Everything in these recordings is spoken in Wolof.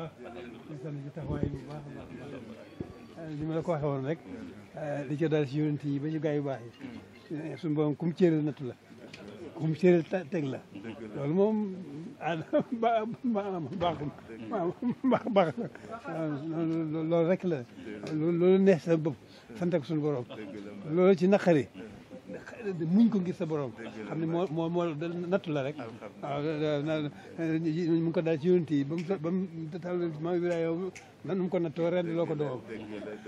baax di sant ci taxawaay a li ma la ko waxee woon rek li ci si yonent yi ba ci gaa yu baax yi suñu borom kum céeréel nattu la kum céeréel teg la loolu moom aada ba baaxul baax rek la loolu neex sa bopp sant ak suñu borom loolu ci naqari muñ ko ngir sa borom xam ne moo moo nattu la rek waaw mu ko daal ci yonent yi ba mu ba mu tal maa ngi wilaay yow nan mu ko nattoo ren loo ko doom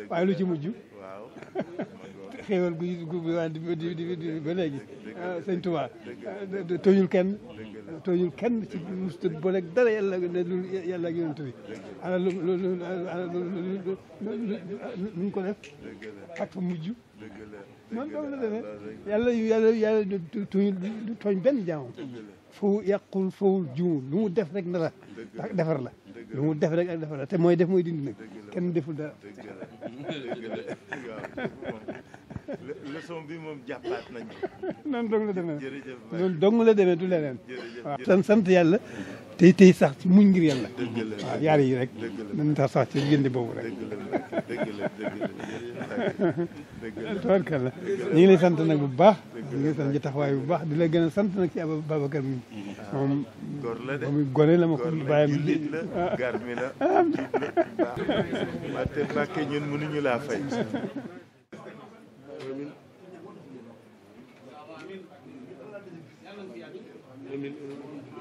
waaye lu ci mujj xéewal gu gu di di di ba léegi sëñ Tuubaa tooñul kenn tooñul kenn ci musta booleeg dara yàlla ne lu yàlla ak yonent a ana lu lu lu ñu ko def ak fa mujj noonu doom la demee yàlla yàlla yàlla benn jaamam foofu yàqul foofu juumul lu mu def rek na la defar la lu mu def rek ak defar la te mooy def mooy din nag kenn deful dara leçon bi moom jàppaat nañu. noonu dong la demee jërëjëf loolu la demee du leneen. jërëjëf waaw sant yàlla tey tey sax ci muñ ngir yàlla. dëgg la yi rek. dëgg la sax ci diggante boobu rek. dëgg la la ñu ngi lay sant nag bu baax. ñu ngi lay sant ci taxawaay bu baax di la gën a sant nag ci Ababacar mi. moom moom gone la ma ko bàyyam. gar mi la. waa ah. ah. te Mbàkke ñun mënuñu laa fay. amin